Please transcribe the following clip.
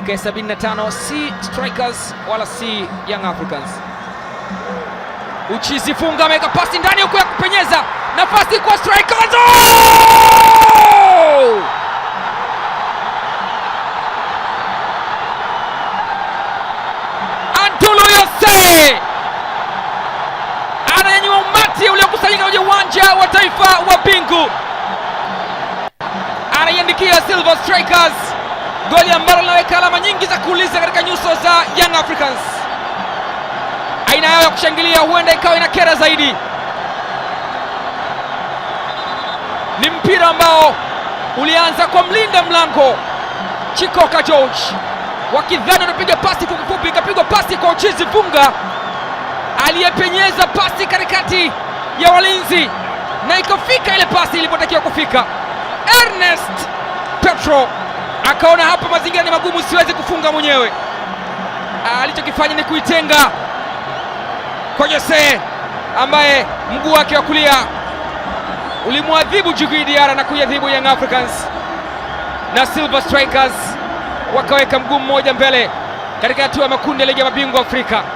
dakika ya 75, si strikers wala si Young Africans. Uchizi funga ameweka pasi ndani huku ya kupenyeza, nafasi kwa strikers. Oh! Antulu Yose ananyanyua umati uliokusanyika kwenye uwanja wa taifa wa Bingu, anaiandikia Silver Strikers goli ambalo linaweka alama nyingi za kuuliza katika nyuso za Young Africans. Aina yao ya kushangilia huenda ikawa ina kera zaidi. Ni mpira ambao ulianza kwa mlinda mlango Chikoka George, wakidhani anapiga pasi fupifupi, ikapigwa pasi kwa Uchizi funga aliyepenyeza pasi katikati ya walinzi na ikafika ile pasi ilipotakiwa kufika. Ernest Petro akaona hapa mazingira ni magumu, siwezi kufunga mwenyewe. Ah, alichokifanya ni kuitenga kwa Jose ambaye mguu wake wa kulia ulimwadhibu Djigui Diarra na kuiadhibu Young Africans na Silver Strikers wakaweka mguu mmoja mbele katika hatua ya makundi ya ligi ya mabingwa Afrika.